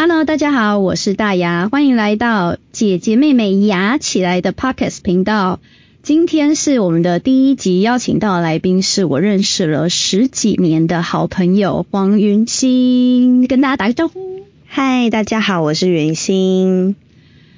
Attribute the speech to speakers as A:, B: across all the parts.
A: Hello，大家好，我是大牙，歡迎來到姐姐妹妹牙起來的 Podcast 頻道。今天是我們的第一集，邀請到的來賓是我認識了十幾年的好朋友黃云歆，跟大家打個招呼。嗨，大家好，我是云歆。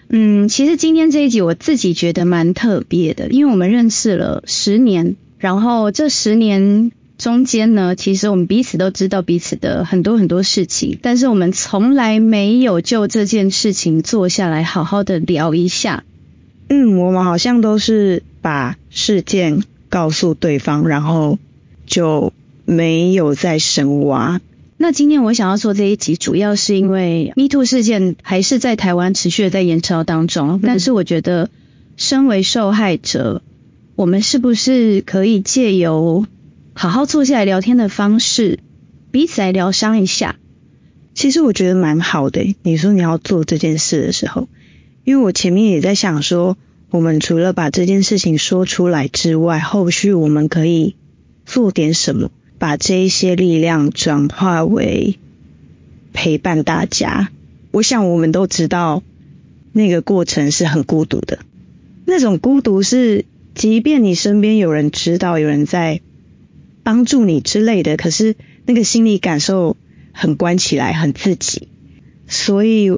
A: 嗯，其實今天這一集我自己覺得蠻特別的，因為我們認識了十年，然後這十年。中間呢，其實我們彼此都知道彼此的很多很多事情，但是我們
B: 從來沒有就這件事情坐下來好好的聊一下。嗯，我們好像都是把事件告訴對方，然後就沒有再深挖。那今天我想要做這一集，主
A: 要是因為 Me Too 事件還是在台灣持續的在延燒當中。嗯，但是我覺得，身為受害者，我們是不是可以借由。
B: 好好坐下來聊天的方式，彼此來療傷一下。其實我覺得蠻好的，你說你要做這件事的時候，因為我前面也在想說，我們除了把這件事情說出來之外，後續我們可以做點什麼，把這一些力量轉化為陪伴大家。我想我們都知道，那個過程是很孤獨的。那種孤獨是，即便你身邊有人知道，有人在。幫助你之類的，可是那個心理感受很關起來，很自己，所以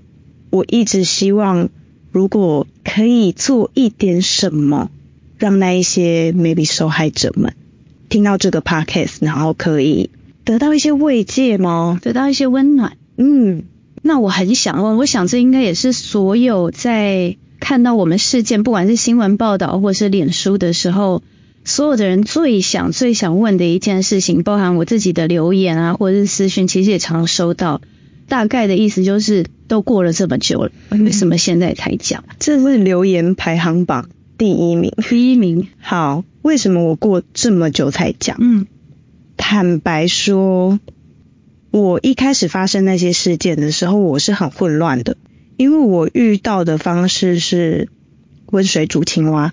B: 我一直希望，如果可以做一點什麼，讓那一些 maybe 受害者們聽到這個 podcast，然後可以得到一些慰藉嗎？得到一些溫暖。嗯，
A: 那我很想問，我想這應該也是所有在看到我們事件，不管是新聞報道或者是臉書的時候。所有的人最想、最想問的一件事情，包含我自己的留言啊，或者是私訊，其實也常收到。大
B: 概的意思就是，都過了這麼久了，為什麼現在才講？嗯，這是留言排行榜第一名，第一名。好，為什麼我過這麼久才講？嗯，坦白說，我一開始發生那些事件的時候，我是很混亂的，因為我遇到的方式是溫水煮青蛙。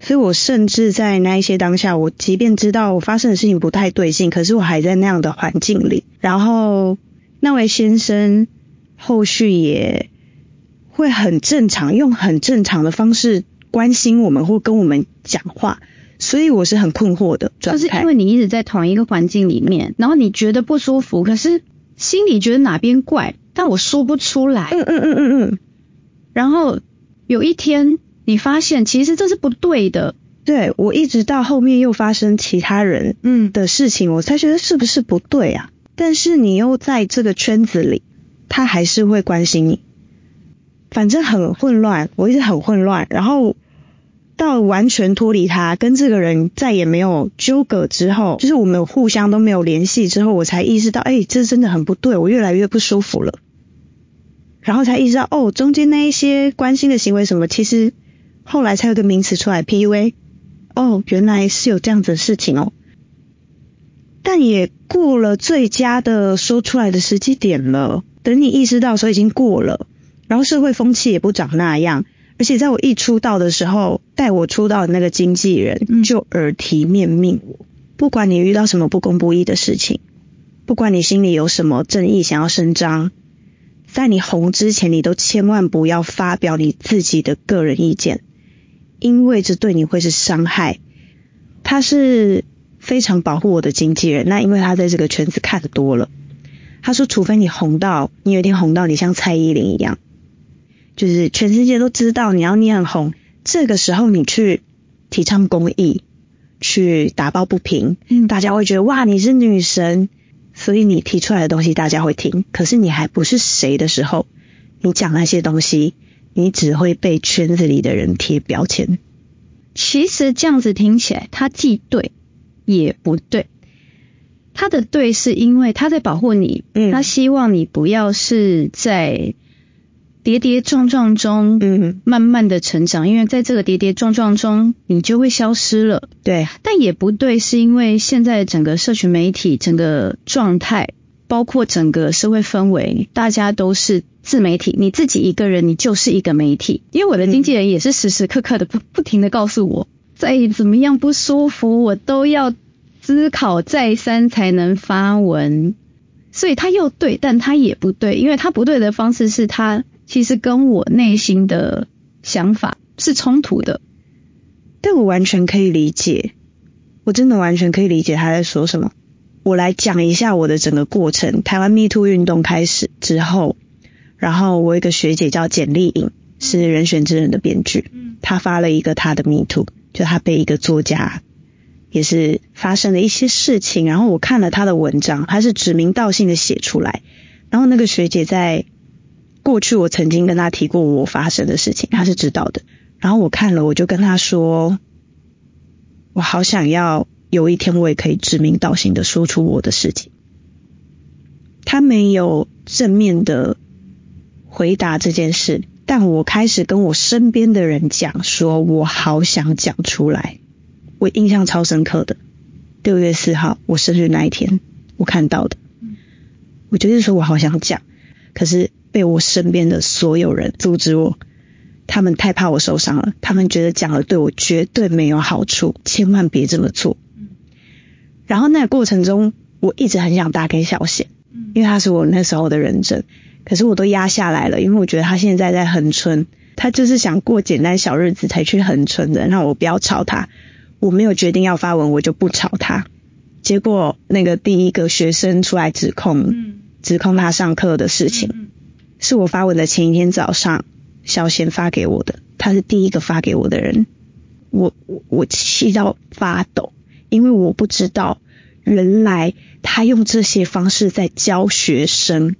B: 所以我甚至在那一些當下，我即便知道我發生的事情不太對勁，可是我還在那樣的環境裡。然後那位先生後續也會很正常，用很正常的方式關心我們或跟我們講話。所以我是很困惑的狀態。就是因為你一
A: 直在同一個環境裡面，然後你覺得不舒服，可是心裡覺得哪邊怪，但我說不出來。嗯嗯嗯嗯嗯。然後有一天。你
B: 發現其實這是不對的，對我一直到後面又發生其他人嗯的事情、嗯，我才覺得是不是不對啊？但是你又在這個圈子裡，他還是會關心你，反正很混亂，我一直很混亂。然後到完全脫離他，跟這個人再也沒有糾葛之後，就是我們互相都沒有聯繫之後，我才意識到，哎，這真的很不對，我越來越不舒服了。然後才意識到，哦，中間那一些關心的行為什麼，其實。後來才有個名詞出來，P U A。哦，原來是有這樣子的事情哦。但也過了最佳的說出來的時機點了，等你意識到的時候已經過了。然後社會風氣也不長那樣，而且在我一出道的時候，帶我出道的那個經紀人就耳提面命。嗯，不管你遇到什麼不公不義的事情，不管你心裡有什麼正義想要伸張，在你紅之前，你都千萬不要發表你自己的個人意見。因為這對你會是傷害，他是非常保護我的經紀人。那因為他在這個圈子看得多了，他說除非你紅到，你有一天紅到你像蔡依林一樣，就是全世界都知道你，要你很紅，這個時候你去提倡公益，去打抱不平，嗯，大家會覺得哇，你是女神，所以你提出來的東西大家會聽。可是你還不是誰的時候，你講那些東西。你只會被圈子裡的人貼標籤。其實這樣子聽起來，他既對也不
A: 對。他的對是因為他在保護你，嗯、他希望你不要是在跌跌撞撞中，嗯，慢慢的成長、嗯。因為在這個跌跌撞撞中，你就會消失了。對，但也不對，是因為現在整個社群媒體整個狀態。包括整個社會氛圍，大家都是自媒體，你自己一個人，你就是一個媒體。因為我的經紀人也是時時刻刻的不不停的告訴我，再怎麼樣不舒服，我都要思考再三才能發文。所以他又對，但他也不對，因為他不對的方式是，他其實跟我內心的想法是衝
B: 突的，但我完全可以理解，我真的完全可以理解他在說什麼。我來講一下我的整個過程。台灣 Me Too 運動開始之後，然後我一個學姐叫簡麗穎，是《人選之人》的編劇。嗯。她發了一個她的 Me Too，就她被一個作家也是發生了一些事情。然後我看了她的文章，她是指名道姓的寫出來。然後那個學姐在過去，我曾經跟她提過我發生的事情，她是知道的。然後我看了，我就跟她說，我好想要。有一天我也可以指名道姓的說出我的事情。他沒有正面的回答這件事，但我開始跟我身邊的人講，說我好想講出來。我印象超深刻的，六月四號我生日那一天，我看到的，我決定說，我好想講，可是被我身邊的所有人阻止我，他們太怕我受傷了，他們覺得講了對我絕對沒有好處，千萬別這麼做。然後那個過程中，我一直很想打給小賢，因為他是我那時候的人證，可是我都壓下來了，因為我覺得他現在在恆春，他就是想過簡單小日子才去恆春的，讓我不要吵他。我沒有決定要發文，我就不吵他。結果那個第一個學生出來指控，嗯、指控他上課的事情、嗯，是我發文的前一天早上，小賢發給我的，他是第一個發給我的人，我我我氣到發抖。因為我不知道，原來他用這些方式在教學生。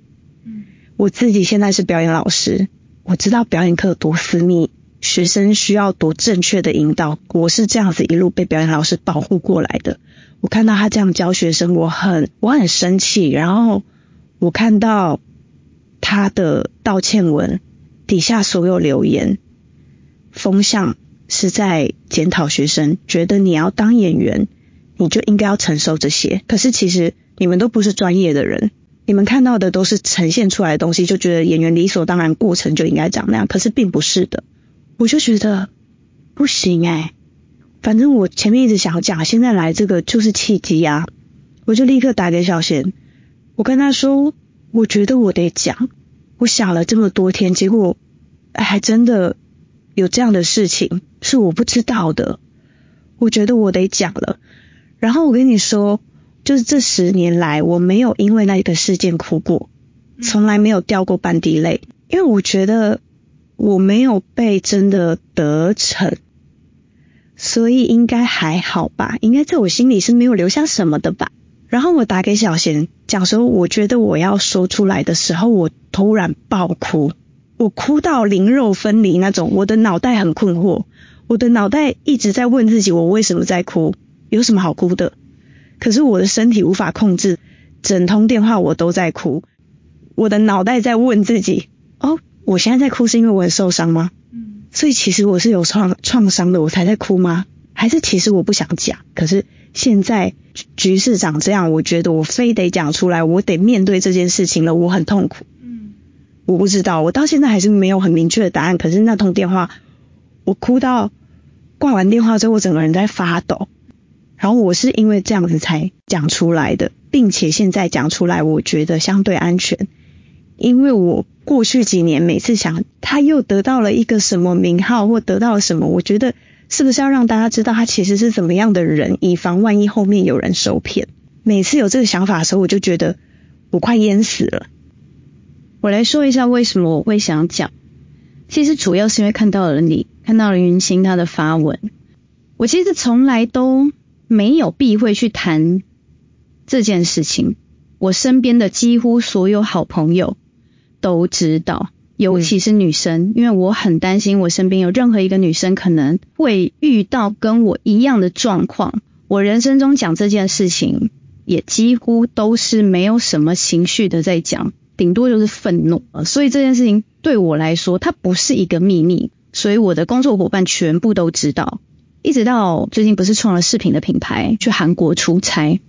B: 我自己現在是表演老師，我知道表演課有多私密，學生需要多正確的引導。我是這樣子一路被表演老師保護過來的。我看到他這樣教學生，我很我很生氣。然後我看到他的道歉文底下所有留言，風向是在檢討學生，覺得你要當演員。你就應該要承受這些。可是其實你們都不是專業的人，你們看到的都是呈現出來的東西，就覺得演員理所當然，過程就應該長那樣。可是並不是的，我就覺得不行哎、欸。反正我前面一直想要講，現在來這個就是契機啊。我就立刻打給小賢，我跟他說，我覺得我得講。我想了這麼多天，結果還、哎、真的有這樣的事情是我不知道的，我覺得我得講了。然後我跟你說，就是這十年來，我沒有因為那個事件哭過，從來沒有掉過半滴淚。因為我覺得我沒有被真的得逞，所以應該還好吧？應該在我心裡是沒有留下什麼的吧？然後我打給小賢，講說，我覺得我要說出來的時候，我突然爆哭，我哭到靈肉分離那種，我的腦袋很困惑，我的腦袋一直在問自己，我為什麼在哭？有什麼好哭的？可是我的身體無法控制，整通電話我都在哭。我的腦袋在問自己：哦，我現在在哭是因為我很受傷嗎？嗯，所以其實我是有創創傷的，我才在哭嗎？還是其實我不想講，可是現在局勢長這樣，我覺得我非得講出來，我得面對這件事情了。我很痛苦。嗯，我不知道，我到現在還是沒有很明確的答案。可是那通電話，我哭到掛完電話之後，我整個人在發抖。然後我是因為這樣子才講出來的，並且現在講出來，我覺得相對安全。因為我過去幾年每次想，他又得到了一個什麼名號或得到了什麼，我覺得是不是要讓大家知道他其實是怎麼樣的人，以防萬一後面有人受騙。每次有這個想法的時候，我就覺得我快淹死了。我
A: 來說一下為什麼我會想講，其實主要是因為看到了你，看到了云歆他的發文，我其實從來都沒有避諱去談這件事情，我身邊的幾乎所有好朋友都知道，尤其是女生，嗯，因為我很擔心我身邊有任何一個女生可能會遇到跟我一樣的狀況。我人生中講這件事情也幾乎都是沒有什麼情緒的在講，頂多就是憤怒，呃，所以這件事情對我來說，它不是一個秘密，所以我的工作伙伴全部都知道。一直到最近不是創了飾品的品牌，去韓國出差，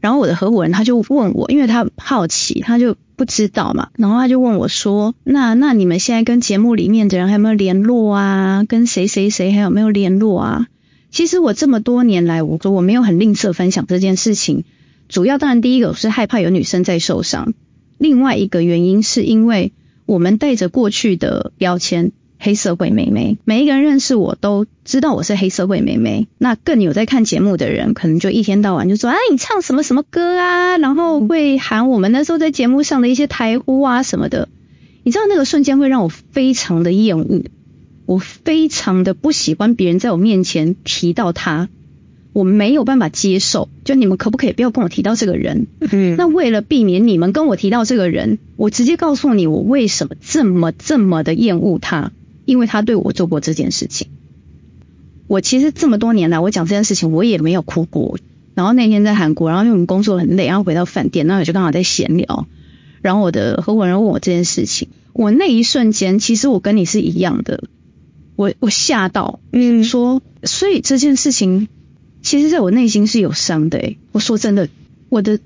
A: 然後我的合夥人他就問我，因為他好奇，他就不知道嘛，然後他就問我說：“那那你們現在跟節目裡面的人還有沒有聯絡啊？跟誰誰誰還有沒有聯絡啊？”其實我這麼多年來，我說我沒有很吝嗇分享這件事情，主要當然第一個我是害怕有女生在受傷，另外一個原因是因為我們帶着過去的標籤。黑澀會美眉，每一個人認識我都知道我是黑澀會美眉。那更有在看節目的人，可能就一天到晚就說：“哎，你唱什麼什麼歌啊？”然後會喊我們那時候在節目上的一些台呼啊什麼的。你知道那個瞬間會讓我非常的厭惡，我非常的不喜歡別人在我面前提到他，我沒有辦法接受。就你們可不可以不要跟我提到這個人？嗯。那為了避免你們跟我提到這個人，我直接告訴你，我為什麼這麼這麼的厭惡他。因為他對我做過這件事情，我其實這麼多年來，我講這件事情我也沒有哭過。然後那天在韓國，然後因為我們工作很累，然後回到飯店，然後我就剛好在閒聊，然後我的合夥人問我這件事情，我那一瞬間，其實我跟你是一樣的，我我嚇到，嗯，說，所以這件事情，其實在我內心是有傷的欸，我說真的，我的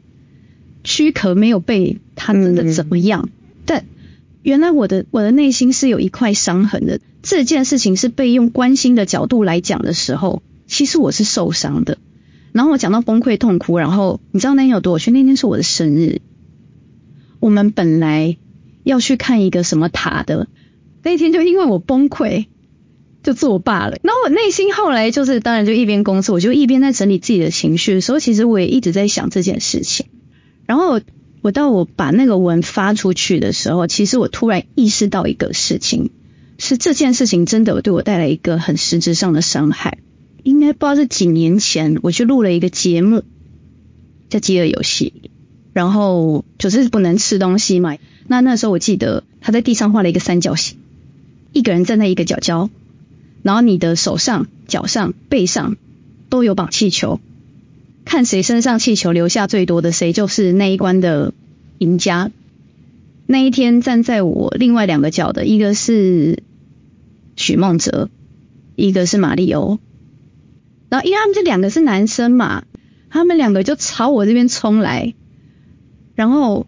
A: 軀殼沒有被他真的怎麼樣。嗯原來我的我的內心是有一塊傷痕的。這件事情是被用關心的角度來講的時候，其實我是受傷的。然後我講到崩潰痛哭，然後你知道那天有多委屈？那天是我的生日，我們本來要去看一個什麼塔的，那天就因為我崩潰，就作罷了。然後我內心後來就是，當然就一邊工作，我就一邊在整理自己的情緒的時候，其實我也一直在想這件事情。然後。我到我把那個文發出去的時候，其實我突然意識到一個事情，是這件事情真的對我帶來一個很實質上的傷害。應該不知道是幾年前，我去錄了一個節目叫《飢餓遊戲》，然後就是不能吃東西嘛。那那時候我記得他在地上畫了一個三角形，一個人站在一個角角，然後你的手上、腳上、背上都有綁氣球。看誰身上氣球留下最多的誰，誰就是那一關的贏家。那一天站在我另外兩個角的，一個是許孟哲，一個是馬麗歐。然後因為他們這兩個是男生嘛，他們兩個就朝我這邊衝來。然後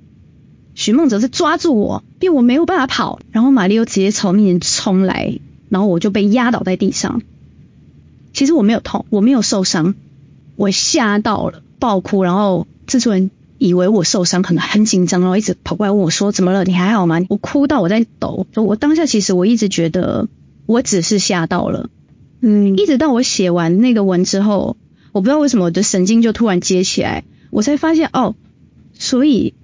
A: 許孟哲是抓住我，令我沒有辦法跑。然後馬麗歐直接從面前衝來，然後我就被壓倒在地上。其實我沒有痛，我沒有受傷。我嚇到了，爆哭，然後製作人以為我受傷，可能很緊張，然後一直跑過來問我說：“怎麼了？你還好嗎？”我哭到我在抖，我當下其實我一直覺得我只是嚇到了，嗯，一直到我寫完那個文之後，我不知道為什麼我的神經就突然接起來，我才發現哦，所以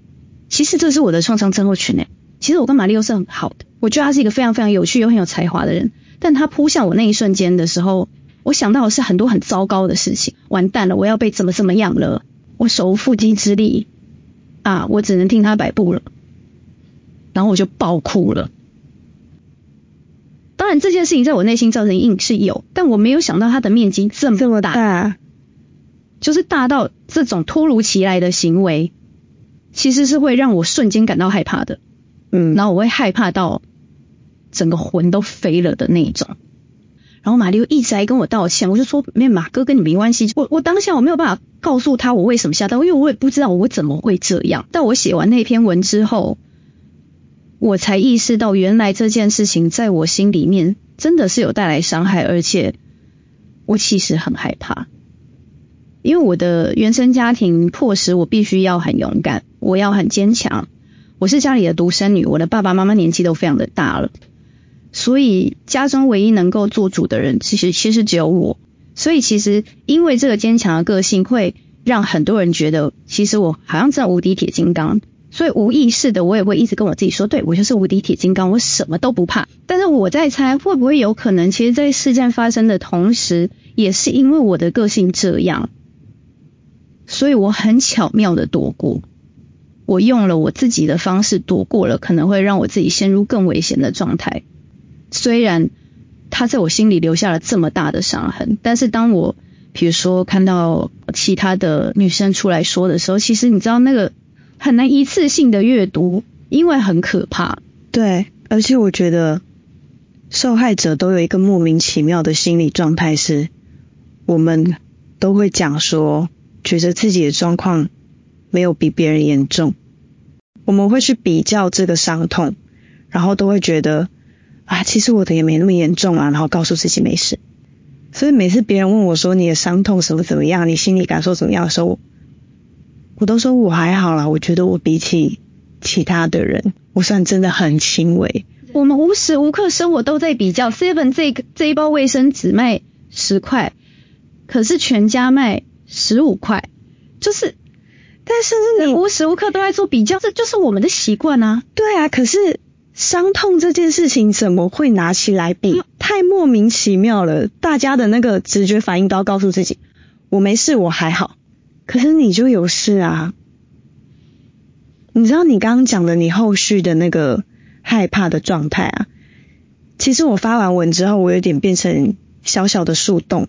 A: 其實這是我的創傷症候群誒、欸。其實我跟馬麗奧是很好的，我覺得他是一個非常非常有趣又很有才華的人，但他撲向我那一瞬間的時候。我想到的是很多很糟糕的事情，完蛋了，我要被怎麼怎麼樣了，我手無縛雞之力啊，我只能聽他擺布了，然後我就爆哭了。當然這件事情在我內心造成陰影是有，但我沒有想到它的面積這麼大這麼大、啊，就是大到這種突如其來的行為，其實是會讓我瞬間感到害怕的，嗯，然後我會害怕到整個魂都飛了的那種。然後馬麗又一直在跟我道歉，我就說沒有，馬哥跟你沒關係。我我當下我沒有辦法告訴他我為什麼下刀，因為我也不知道我怎麼會這樣。但我寫完那篇文之後，我才意識到原來這件事情在我心裡面真的是有帶來傷害，而且我其實很害怕，因為我的原生家庭迫使我必須要很勇敢，我要很堅強。我是家裡的獨生女，我的爸爸媽媽年紀都非常的大了。所以家中唯一能夠做主的人，其實其實只有我。所以其實因為這個堅強的個性，會讓很多人覺得，其實我好像像無敵鐵金剛。所以無意識的我也會一直跟我自己說，對，我就是無敵鐵金剛，我什麼都不怕。但是我在猜，會不會有可能，其實，在事件發生的同時，也是因為我的個性這樣，所以我很巧妙的躲過，我用了我自己的方式躲過了，可能會讓我自己陷入更危險的狀態。雖然他在我心裡留下了這麼大的傷痕，但是當我比如說看到其他的女生出來說
B: 的時候，其實你知道那個很難一次性的閱讀，因為很可怕。對，而且我覺得受害者都有一個莫名其妙的心理狀態，是我們都會講說，覺得自己的狀況沒有比別人嚴重，我們會去比較這個傷痛，然後都會覺得。啊，其實我的也沒那麼嚴重啊，然後告訴自己沒事。所以每次別人問我說，你的傷痛什麼怎麼樣，你心理感受怎麼樣的時候，我，我都說我還好啦，我覺得我比起其他的人，我算真的很輕微。
A: 我們無時無刻生活都在比較，Seven 這個這一包衛生紙賣十塊，可是全家賣十五塊，就是，
B: 但是你，你無時無刻都在做比較，這就是我們的習慣啊。對啊，可是。傷痛這件事情怎麼會拿起來比啊？太莫名其妙了！大家的那個直覺反應，都要告訴自己，我沒事，我還好。可是你就有事啊！你知道你剛剛講的，你後續的那個害怕的狀態啊？其實我發完文之後，我有點變成小小的樹洞。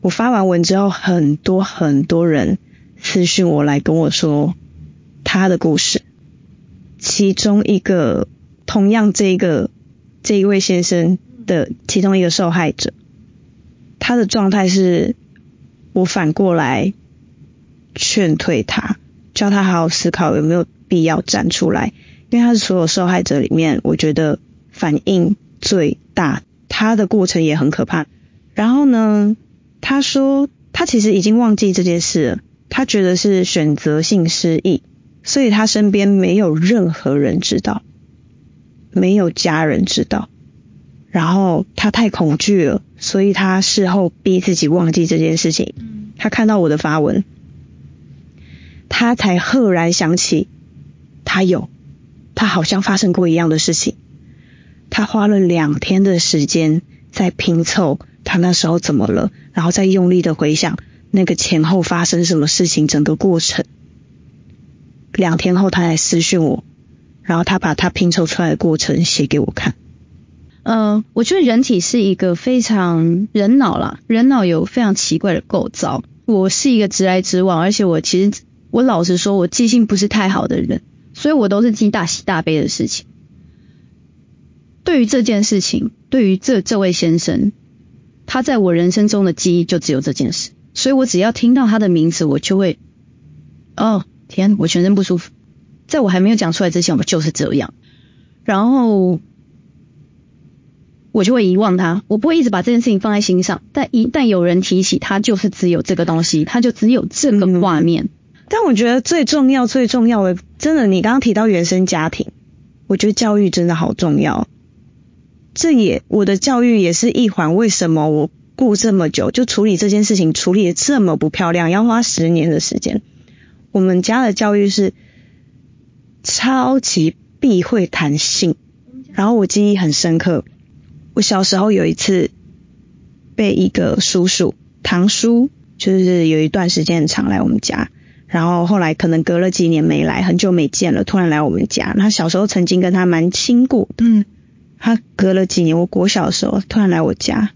B: 我發完文之後，很多很多人私訊我來跟我說他的故事，其中一個。同樣，這一個這一位先生的其中一個受害者，他的狀態是，我反過來勸退他，叫他好好思考有沒有必要站出來，因為他是所有受害者裡面，我覺得反應最大，他的過程也很可怕。然後呢，他說他其實已經忘記這件事了，他覺得是選擇性失憶，所以他身邊沒有任何人知道。沒有家人知道，然後他太恐懼了，所以他事後逼自己忘記這件事情。他看到我的發文，他才赫然想起，他有，他好像發生過一樣的事情。他花了兩天的時間在拼湊他那時候怎麼了，然後再用力的回想那個前後發生什麼事情，整個過程。兩天後，他才私訊我。然後他把他拼湊出來的過程寫給我看。嗯、呃，我覺得人體是一個非常
A: 人腦啦，人腦有非常奇怪的構造。我是一個直來直往，而且我其實我老實說，我記性不是太好的人，所以我都是記大喜大悲的事情。對於這件事情，對於這這位先生，他在我人生中的記憶就只有這件事，所以我只要聽到他的名字，我就會，哦，天，我全身不舒服。在我還沒有講出來之前，我們就是這樣。然後我就會遺忘它，我不會一直把這件事情放在心上。但一旦有人提起，它就是只有這個東西，它就只有這個畫面。嗯，
B: 但我覺得最重要、最重要的，真的，你剛剛提到原生家庭，我覺得教育真的好重要。這也我的教育也是一環。為什麼我過這麼久就處理這件事情，處理得這麼不漂亮，要花十年的時間？我們家的教育是，超級避諱談性，然後我記憶很深刻。我小時候有一次被一個叔叔、堂叔，就是有一段時間常來我們家，然後後來可能隔了幾年沒來，很久沒見了，突然來我們家。那小時候曾經跟他蠻親過的嗯，他隔了幾年，我國小的時候突然來我家，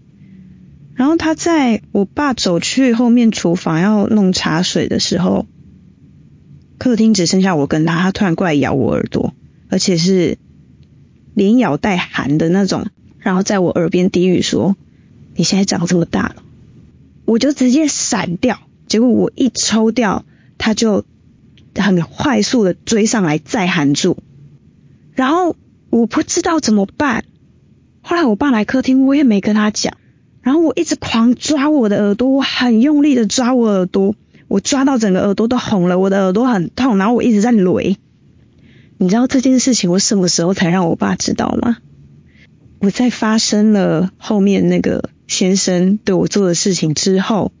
B: 然後他在我爸走去後面廚房要弄茶水的時候，客廳只剩下我跟他，他突然過來咬我耳朵，而且是連咬帶含的那種，然後在我耳邊低語說：“你現在長這麼大了。”我就直接閃掉，結果我一抽掉，他就很快速的追上來再含住，然後我不知道怎麼辦。後來我爸來客廳，我也沒跟他講，然後我一直狂抓我的耳朵，我很用力的抓我的耳朵。我抓到整個耳朵都紅了，我的耳朵很痛，然後我一直在揉。你知道這件事情我什麼時候才讓我爸知道嗎？我在發生了後面那個先生對我做的事情之後，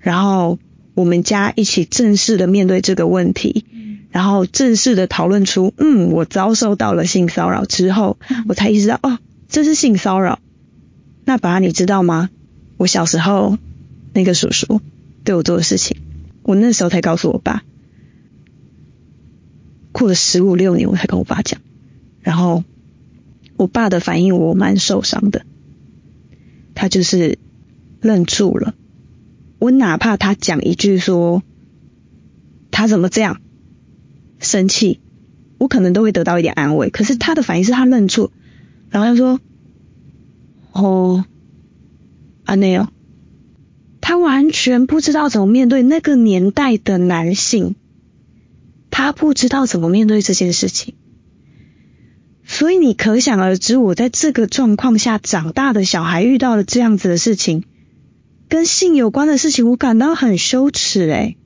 B: 然後我們家一起正式的面對這個問題，然後正式的討論出，嗯，我遭受到了性騷擾之後，我才意識到哦，這是性騷擾。那爸，你知道嗎？我小時候那個叔叔。對我做的事情，我那時候才告訴我爸，過了十五六年，我才跟我爸講。然後我爸的反應，我蠻受傷的。他就是愣住了。我哪怕他講一句說他怎麼這樣生氣，我可能都會得到一點安慰。可是他的反應是他愣住，然後他說：“哦，啊、哦，那樣。”他完全不知道怎麼面對，那個年代的男性，他不知道怎麼面對這件事情，所以你可想而知，我在這個狀況下長大的小孩遇到了這樣子的事情，跟性有關的事情，我感到很羞恥誒。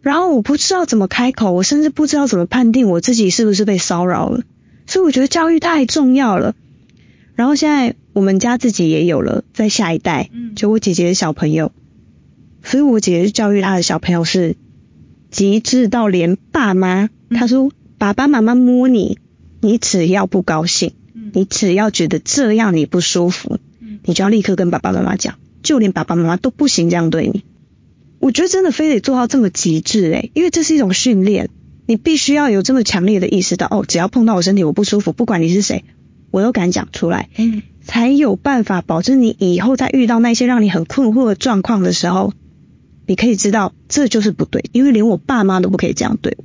B: 然後我不知道怎麼開口，我甚至不知道怎麼判定我自己是不是被騷擾了，所以我覺得教育太重要了。然後現在我們家自己也有了，在下一代，就我姐姐的小朋友，所以我姐姐就教育他的小朋友是極致到連爸媽，她說爸爸媽媽摸你，你只要不高興，你只要覺得這樣你不舒服，你就要立刻跟爸爸媽媽講，就連爸爸媽媽都不行這樣對你。我覺得真的非得做到這麼極致哎、欸，因為這是一種訓練，你必須要有這麼強烈的意識到哦，只要碰到我身體我不舒服，不管你是誰。我都敢講出來，嗯，才有辦法保證你以後在遇到那些讓你很困惑的狀況的時候，你可以知道這就是不對，因為連我爸媽都不可以這樣對我。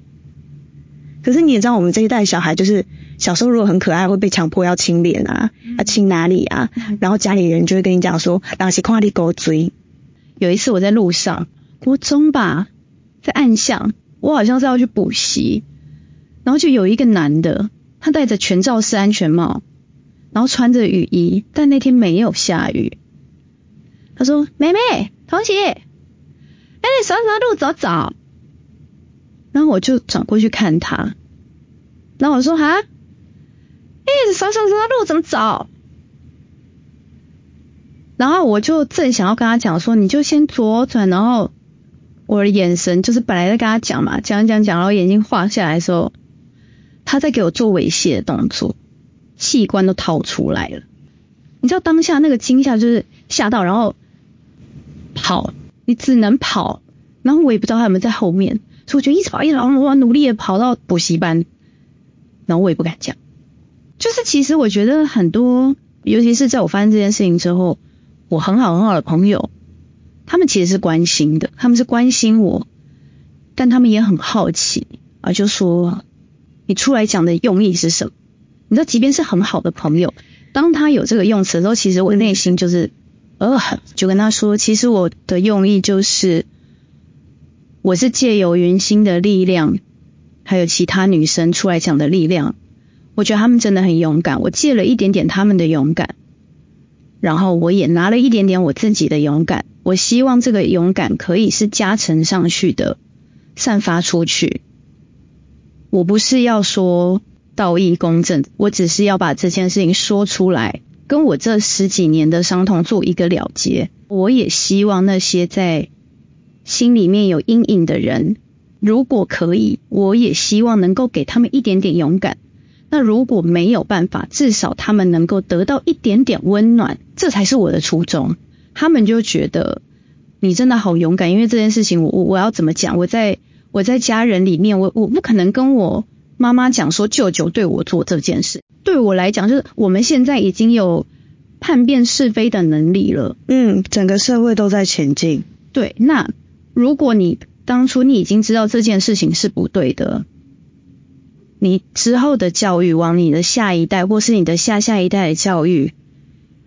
B: 可是你也知道，我們這一代小孩就是小時候如果很可愛會被強迫要親臉啊，要、啊、親哪裡啊？然後家裡人就會跟你講說，然後去誇你狗嘴。有一次我在路上，國中吧，在暗
A: 巷，我好像是要去補習，然後就有一個男的，他戴着全罩式安全帽。然後穿着雨衣，但那天沒有下雨。他說：“妹妹，同學，哎、欸，什麼什麼路走走。”然後我就轉過去看他，然後我說：“哈？欸，哎，什麼什麼路怎麼走？”然後我就正想要跟他講說：“你就先左轉。”然後我的眼神就是本來在跟他講嘛，講講講，然後眼睛畫下來的時候，他在給我做猥褻的動作。器官都掏出來了，你知道當下那個驚嚇就是嚇到，然後跑，你只能跑，然後我也不知道他有沒有在後面，所以我就一直跑，一直跑，我努力的跑到補習班，然後我也不敢講，就是其實我覺得很多，尤其是在我發生這件事情之後，我很好很好的朋友，他們其實是關心的，他們是關心我，但他們也很好奇啊，而就說你出來講的用意是什麼？你知道，即便是很好的朋友，當他有這個用詞的時候，其實我內心就是呃、哦，就跟他說，其實我的用意就是，我是借由云歆的力量，還有其他女生出來講的力量，我覺得她們真的很勇敢，我借了一點點她們的勇敢，然後我也拿了一點點我自己的勇敢，我希望這個勇敢可以是加成上去的，散發出去。我不是要說。道義公正，我只是要把這件事情說出來，跟我這十幾年的傷痛做一個了結。我也希望那些在心裡面有陰影的人，如果可以，我也希望能夠給他們一點點勇敢。那如果沒有辦法，至少他們能夠得到一點點溫暖，這才是我的初衷。他們就覺得你真的好勇敢，因為這件事情我，我我我要怎麼講？我在我在家人裡面，我我不可能跟我。媽媽講說，舅舅對我做這件事，對我來講，就是我們現在已經有判辨是非的能力了。嗯，
B: 整個社會都在前進。對，那
A: 如果你當初你已經知道這件事情是不對的，你之後的教育，往你的下一代或是你的下下一代的教育，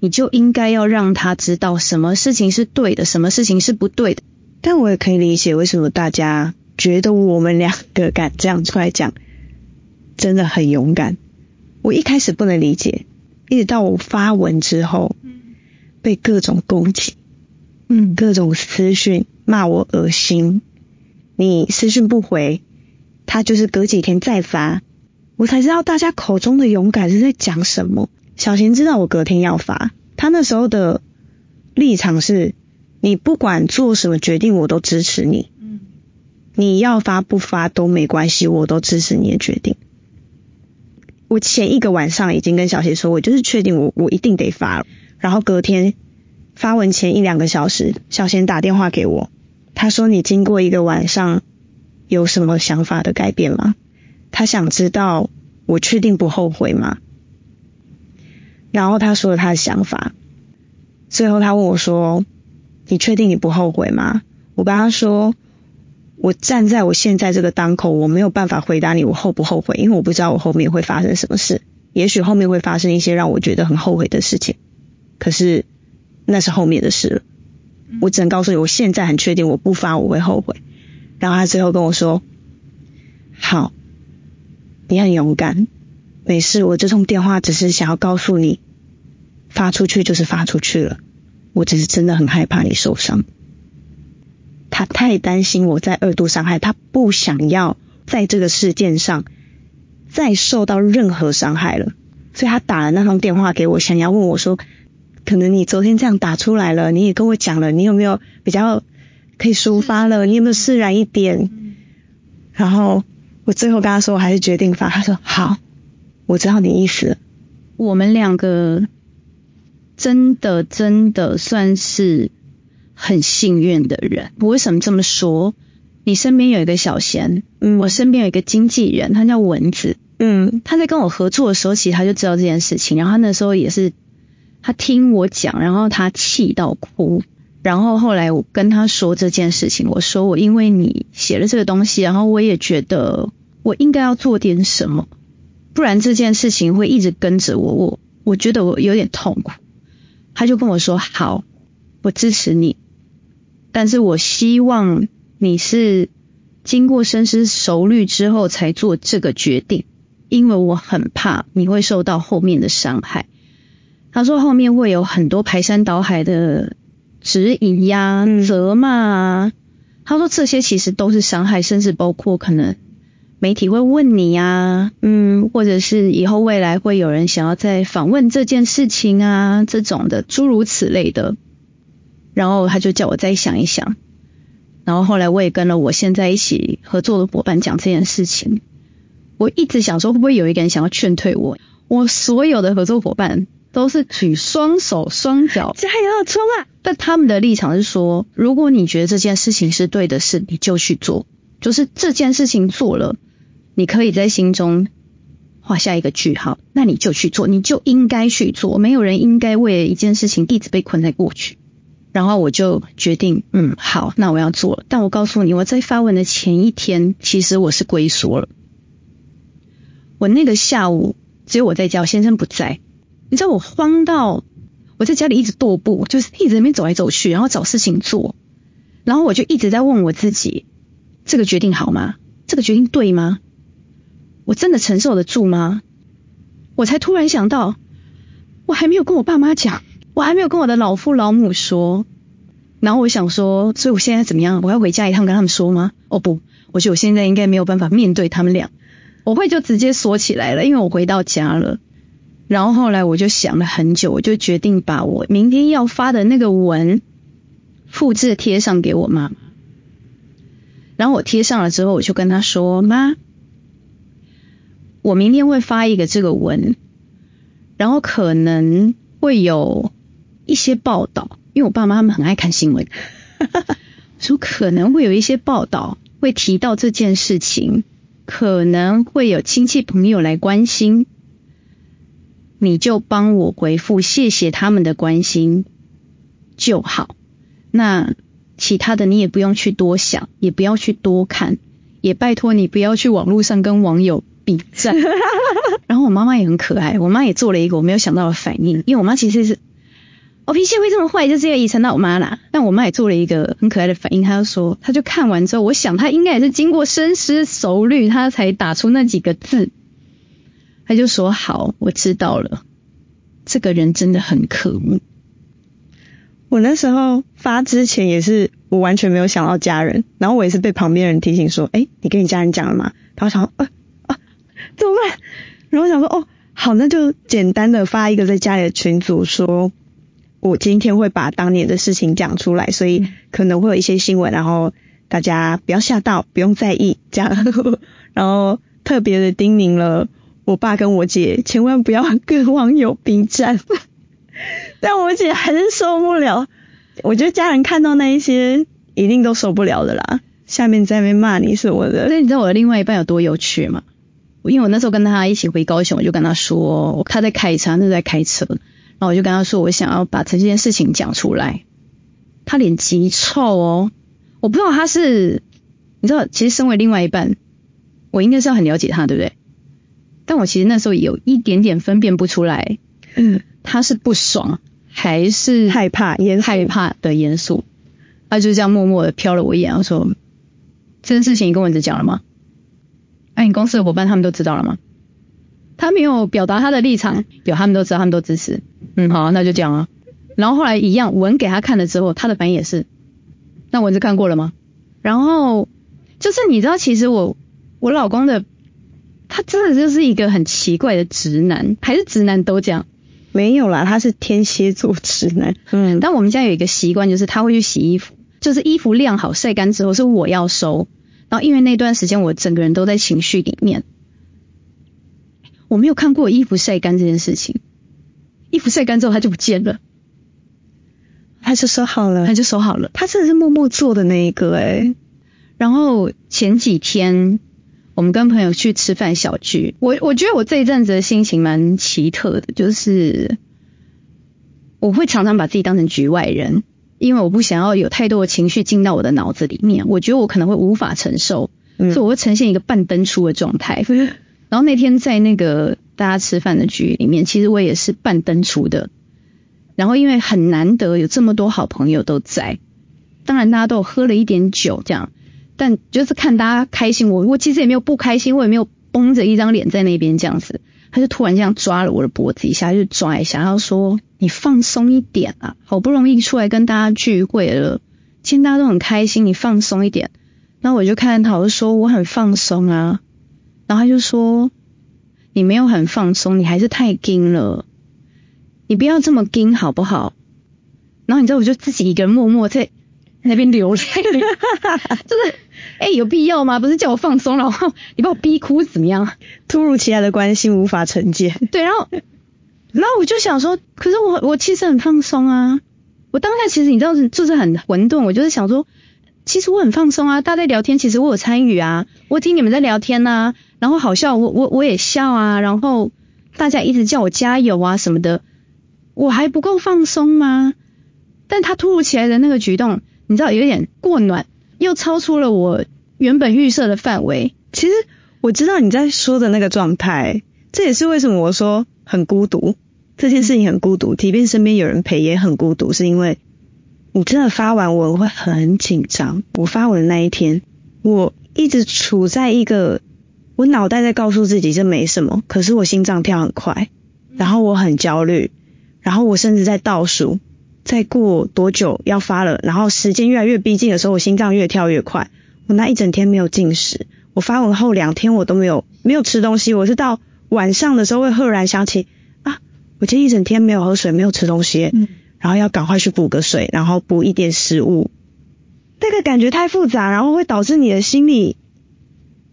A: 你就應該要讓他知道什麼
B: 事情是對的，什麼事情是不對的。但我也可以理解為什麼大家覺得我們兩個敢這樣出來講。真的很勇敢，我一開始不能理解，一直到我發文之後，嗯，被各種攻擊，嗯，各種私訊罵我噁心，你私訊不回，他就是隔幾天再發，我才知道大家口中的勇敢是在講什麼。小賢知道我隔天要發，他那時候的立場是，你不管做什麼決定，我都支持你，嗯，你要發不發都沒關係，我都支持你的決定。我前一個晚上已經跟小賢說，我就是確定我我一定得發。然後隔天發文前一兩個小時，小賢打電話給我，他說，你經過一個晚上有什麼想法的改變嗎？他想知道我確定不後悔嗎？然後他說了他的想法，最後他問我說，你確定你不後悔嗎？我跟他說，我站在我現在這個當口，我沒有辦法回答你，我後不後悔，因為我不知道我後面會發生什麼事。也許後面會發生一些讓我覺得很後悔的事情，可是那是後面的事了。我只能告訴你，我現在很確定，我不發我會後悔。然後他最後跟我說：“好，你很勇敢，沒事。我這通電話只是想要告訴你，發出去就是發出去了。我只是真的很害怕你受傷。”他太擔心我再二度傷害，他不想要在這個事件上再受到任何傷害了，所以他打了那通電話給我，想要問我說，可能你昨天這樣打出來了，你也跟我講了，你有沒有比較可以抒發了，你有沒有釋然一點？嗯、然後我最後跟他說，我還是決定發。他說好，我知道你的意思
A: 了。我們兩個真的真的算是。很幸運的人，我為什麼這麼說？你身邊有一個小賢，嗯，我身邊有一個經紀人，他叫文子，嗯，他在跟我合作的時候，其實他就知道這件事情，然後他那時候也是，他聽我講，然後他氣到哭，然後後來我跟他說這件事情，我說我因為你寫了這個東西，然後我也覺得我應該要做點什麼，不然這件事情會一直跟着我，我我覺得我有點痛苦，他就跟我說好，我支持你。但是我希望你是經過深思熟慮之後才做這個決定，因為我很怕你會受到後面的傷害。他說後面會有很多排山倒海的質疑呀、嗯、責罵啊。他說這些其實都是傷害，甚至包括可能媒體會問你呀，嗯，或者是以後未來會有人想要再訪問這件事情啊，這種的諸如此類的。然後他就叫我再想一想。然後後來我也跟了我現在一起合作的夥伴講這件事情。我一直想說，會不會有一個人想要勸退我？我所有的合作夥伴都是舉雙手雙腳加油衝啊！但他們的立場是說，如果你覺得這件事情是對的事，你就去做。就是這件事情做了，你可以在心中畫下一個句號，那你就去做，你就應該去做。沒有人應該為一件事情一直被困在過去。然後我就決定，嗯，好，那我要做了。但我告訴你，我在發文的前一天，其實我是龜縮了。我那個下午只有我在家，我先生不在。你知道我慌到我在家裡一直踱步，就是一直在那邊走來走去，然後找事情做。然後我就一直在問我自己：這個決定好嗎？這個決定對嗎？我真的承受得住嗎？我才突然想到，我還沒有跟我爸媽講。我還沒有跟我的老父老母說，然後我想說，所以我現在怎麼樣？我要回家一趟跟他們說嗎？哦不，我覺得我現在應該沒有辦法面對他們倆，我會就直接鎖起來了，因為我回到家了。然後後來我就想了很久，我就決定把我明天要發的那個文複制貼上給我媽媽。然後我貼上了之後，我就跟他說：“媽，我明天會發一個這個文，然後可能會有。”一些報道，因為我爸媽他們很愛看新聞， 說可能會有一些報道會提到這件事情，可能會有親戚朋友來關心，你就幫我回覆謝謝他們的關心就好。那其他的你也不用去多想，也不要去多看，也拜托你不要去網絡上跟網友比讚。 然後我媽媽也很可愛，我媽也做了一個我沒有想到的反應，因為我媽其實是。我脾氣會這麼壞，就是因為遺傳到我媽啦。但我媽也做了一個很可愛的反應，她就說：“她就看完之後，我想她應該也是經過深思熟慮，她才打出那幾個字。”她就說：“好，我知
B: 道了，這個人真的很可惡。”我那時候發之前也是，我完全沒有想到家人。然後我也是被旁邊人提醒說：“哎、欸，你跟你家人講了嗎？”她會想說：“啊啊，怎麼辦？”然後我想說：“哦，好，那就簡單的發一個在家裡的群組說。”我今天會把當年的事情講出來，所以可能會有一些新聞，然後大家不要嚇到，不用在意這樣。 然後特別的叮嚀了我爸跟我姐，千萬不要跟網友筆戰。 但我姐還是受不了，我覺得家人看到那一些一定都受不了的啦。下面在那邊罵你什麼的。所
A: 以你知道我的另外一半有多有趣嗎？因為我那時候跟他一起回高雄，我就跟他說，他在開車，他在開車。那、啊、我就跟他說，我想要把這件事情講出來。他臉極臭哦，我不知道他是，你知道，其實身為另外一半，我應該是要很了解他，對不對？但我其實那時候有一點點分辨不出來，嗯，他是不爽還是害怕？也害怕的嚴肅。他、啊、就是這樣默默的瞟了我一眼，我說：這件事情你跟文子講了嗎？哎、啊，你公司的夥伴他們都知道了嗎？他沒有表達他的立場，有、嗯、他們都知道，他們都支持。嗯，好，啊，那就這樣啊。然後後來一樣，文給他看了之後，他的反應也是。那文字看過了嗎？然後就是你知道，其實我我老公的，他真的就是一個很奇怪的直男，還是直男都這樣。沒有啦，他是天蠍座直男。嗯。但我們家有一個習慣，就是他會去洗衣服，就是衣服晾好曬乾之後是我要收。然後因為那段時間我整個人都在情緒裡面，我沒有看過衣服曬乾這件事情。衣服曬乾之後，他就不見了。他就收好了，他就收好了。他真的是默默做的那一個哎、欸。然後前幾天我們跟朋友去吃飯小聚，我我覺得我這一陣子的心情蠻奇特的，就是我會常常把自己當成局外人，因為我不想要有太多的情緒進到我的腦子裡面，我覺得我可能會無法承受，嗯、所以我會呈現一個半登出的狀態。然後那天在那個大家吃飯的局裡面，其實我也是半登廚的。然後因為很難得有這麼多好朋友都在，當然大家都喝了一點酒，這樣，但就是看大家開心，我我其實也沒有不開心，我也沒有繃着一張臉在那邊這樣子。他就突然這樣抓了我的脖子一下，就抓一下，然後說：“你放鬆一點啊，好不容易出來跟大家聚會了，其實大家都很開心，你放鬆一點。”然後我就看他，我就說：“我很放鬆啊。”然後他就說：“你沒有很放鬆，你還是太緊了。你不要這麼緊好不好？”然後你知道，我就自己一個人默默在那邊流淚。 就是誒、欸、有必要嗎？不是叫我放
B: 鬆然後你把我逼哭怎麼樣？突如其來的關心無法承接。對，然後，
A: 然後我就想說，可是我我其實很放鬆啊。
B: 我當下其實你知道，
A: 就是很混沌。我就是想說。其實我很放鬆啊，大家聊天，其實我有參與啊，我聽你們在聊天啊，然後好笑，我我我也笑啊，然後大家一直叫我加油啊什麼的，我還不夠放鬆嗎？但他突如其來的那個舉動，你知道有點過暖，又超出了我原本預設的範
B: 圍。其實我知道你在說的那個狀態，這也是為什麼我說很孤獨，這件事情很孤獨，即便身邊有人陪也很孤獨，是因為。我真的發完文會很緊張。我發文的那一天，我一直處在一個我腦袋在告訴自己這沒什麼，可是我心臟跳很快，然後我很焦慮，然後我甚至在倒數，再過多久要發了。然後時間越來越逼近的時候，我心臟越跳越快。我那一整天沒有進食。我發文後兩天我都沒有沒有吃東西，我是到晚上的時候會赫然想起啊，我今天一整天沒有喝水，沒有吃東西。嗯然後要趕快去補個水，然後補一點食物，那、這個感覺太複雜，然後會導致你的心理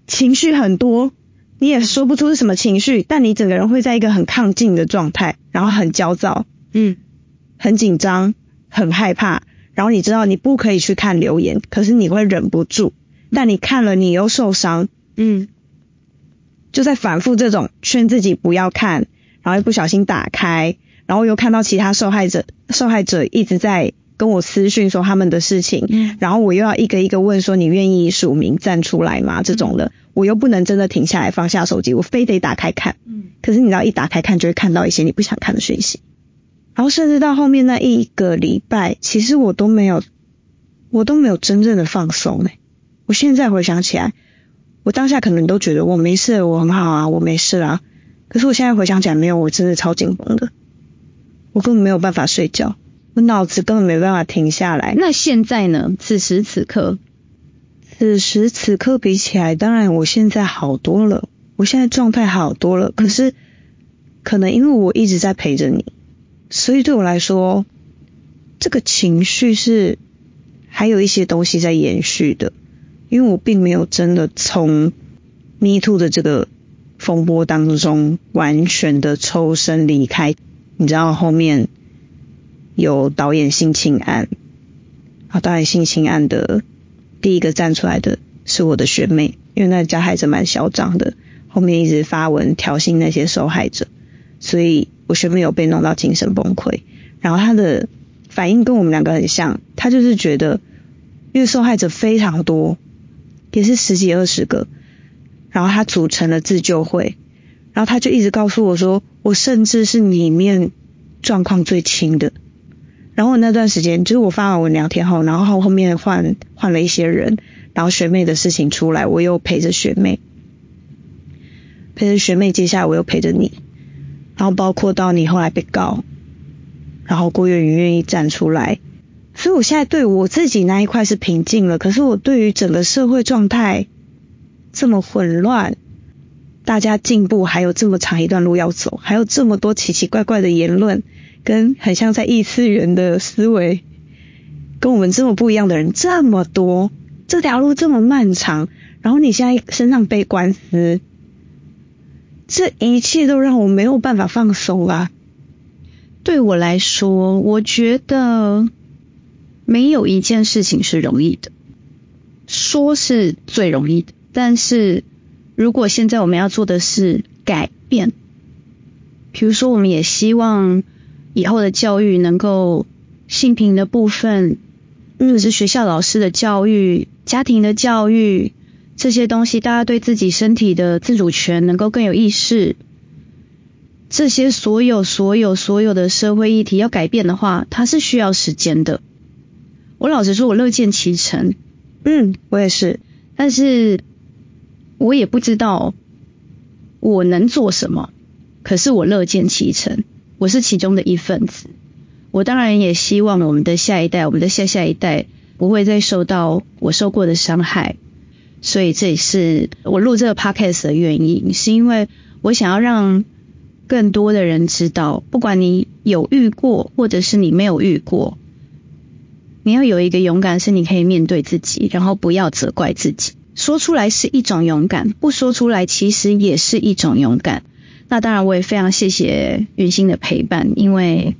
B: 情緒很多，你也說不出是什麼情緒，但你整個人會在一個很亢進的狀態，然後很焦躁，嗯，很緊張，很害怕，然後你知道你不可以去看留言，可是你會忍不住，但你看了你又受傷，嗯，就在反覆這種勸自己不要看，然後一不小心打開。然後又看到其他受害者，受害者一直在跟我私訊說他們的事情，嗯、然後我又要一個一個問說，你願意署名站出來嗎？這種的。嗯，我又不能真的停下來放下手機，我非得打開看。嗯，可是你知道一打開看就會看到一些你不想看的訊息，然後甚至到後面那一個禮拜，其實我都沒有，我都沒有真正的放鬆誒、欸。我現在回想起來，我當下可能都覺得我沒事，我很好啊，我沒事啊。可是我現在回想起來沒有，我真的超緊繃的。我根本沒有辦法睡覺，我腦子根本沒辦法停下來。那現在呢？此時此刻，此時此刻比起來，當然我現在好多了，我現在狀態好多了，嗯。可是，可能因為我一直在陪着你，所以對我來說，這個情緒是還有一些東西在延續的，因為我並沒有真的從 Me Too 的這個風波當中完全的抽身離開。你知道後面有導演性侵案，啊，導演性侵案的第一個站出來的是我的學妹，因為那加害者蠻囂張的，後面一直發文挑釁那些受害者，所以我學妹有被弄到精神崩潰。然後她的反應跟我們兩個很像，她就是覺得因為受害者非常多，也是十幾二十個，然後她組成了自救會。然後他就一直告訴我說，我甚至是裡面狀況最輕的。然後那段時間，就是我發完我聊天後，然後後面換換了一些人，然後學妹的事情出來，我又陪着學妹，陪着學妹。接下來我又陪着你，然後包括到你後來被告，然後郭月云願意站出來，所以我現在對我自己那一塊是平靜了。可是我對於整個社會狀態這麼混亂。大家進步還有這麼長一段路要走，還有這麼多奇奇怪怪的言論，跟很像在異次元的思維，跟我們這麼不一樣的人這麼多，這條路這麼漫長，然後你現在身上背官司，這一切都讓我沒有辦法放鬆了啊。對我來說，我覺得
A: 沒有一件事情是容易的，說是最容易的，但是。如果現在我們要做的是改變，比如說，我們也希望以後的教育能夠性平的部分，嗯、就是學校老師的教育、家庭的教育這些東西，大家對自己身體的自主權能夠更有意識。這些所有、所有、所有的社會議題要改變的話，它是需要時間的。我老實說，我樂見其成。嗯，我也是，但是。我也不知道我能做什麼，可是我樂見其成，我是其中的一份子。我當然也希望我們的下一代、我們的下下一代不會再受到我受過的傷害。所以這也是我錄這個 podcast 的原因，是因為我想要讓更多的人知道，不管你有遇過或者是你沒有遇過，你要有一個勇敢，是你可以面對自己，然後不要責怪自己。說出來是一種勇敢，不說出來其實也是一種勇敢。那當然，我也非常謝謝云歆的陪伴，因為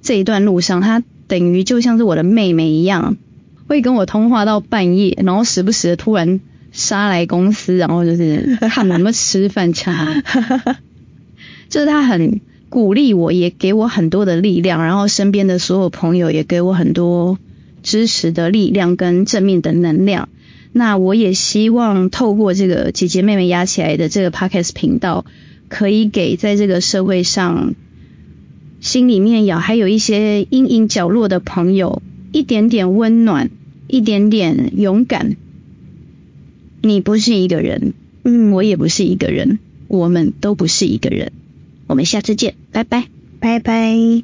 A: 這一段路上，她等於就像是我的妹妹一樣，會跟我通話到半夜，然後時不時的突然殺來公司，然後就是看我們吃飯吃、茶， 就是她很鼓勵我，也給我很多的力量，然後身邊的所有朋友也給我很多支持的力量跟正面的能量。那我也希望透過這個姐姐妹妹壓起來的這個 Podcast 頻道，可以給在這個社會上心裡面有還有一些陰影角落的朋友一點點溫暖，一點點勇敢。你不是一個人，嗯，我也不是一個人，我們都不是一個人。我們下次見，拜拜，拜拜。